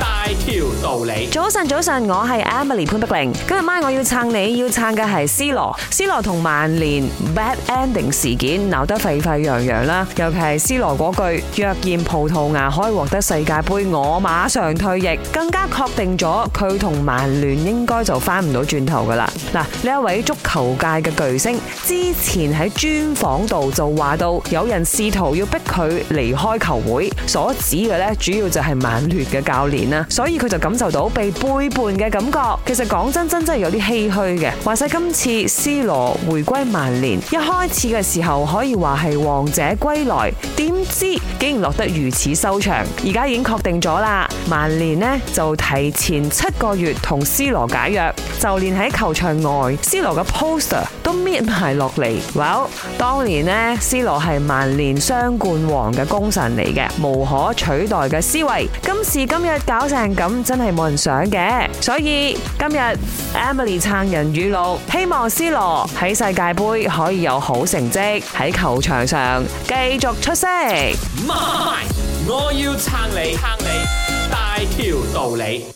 大條道理。早晨，早晨，我係 Emily 潘碧玲。今日晚我要撐你要撐嘅係 C 羅，C 羅同曼聯 Bad Ending 事件鬧得沸沸揚揚啦。尤其係 C 羅嗰句若然葡萄牙可以獲得世界杯，我馬上退役，更加確定咗佢同曼聯應該就翻唔到轉頭噶啦。嗱，呢一位足球界嘅巨星之前喺專訪度就話到，有人試圖要逼佢離開球會，所指嘅呢主要就係曼聯嘅教練。所以佢就感受到被背叛嘅感覺，其實講真，真真係有啲唏嘘嘅。話晒今次 C 羅回歸曼聯，一開始嘅時候可以話係王者歸來，點知竟然落得如此收場。而家已經確定咗啦，曼聯呢就提前七個月同 C 羅解約，就連喺球場外 C 羅嘅 poster 都搣埋落嚟。Well，當年呢 C 羅係曼聯雙冠王嘅功臣嚟嘅，無可取代嘅思維。今時今日搞成咁真係冇人想嘅，所以今日 Emily 撐人語錄，希望 C 羅喺世界杯可以有好成績，喺球場上繼續出色。我要撐你，撐你大條道理。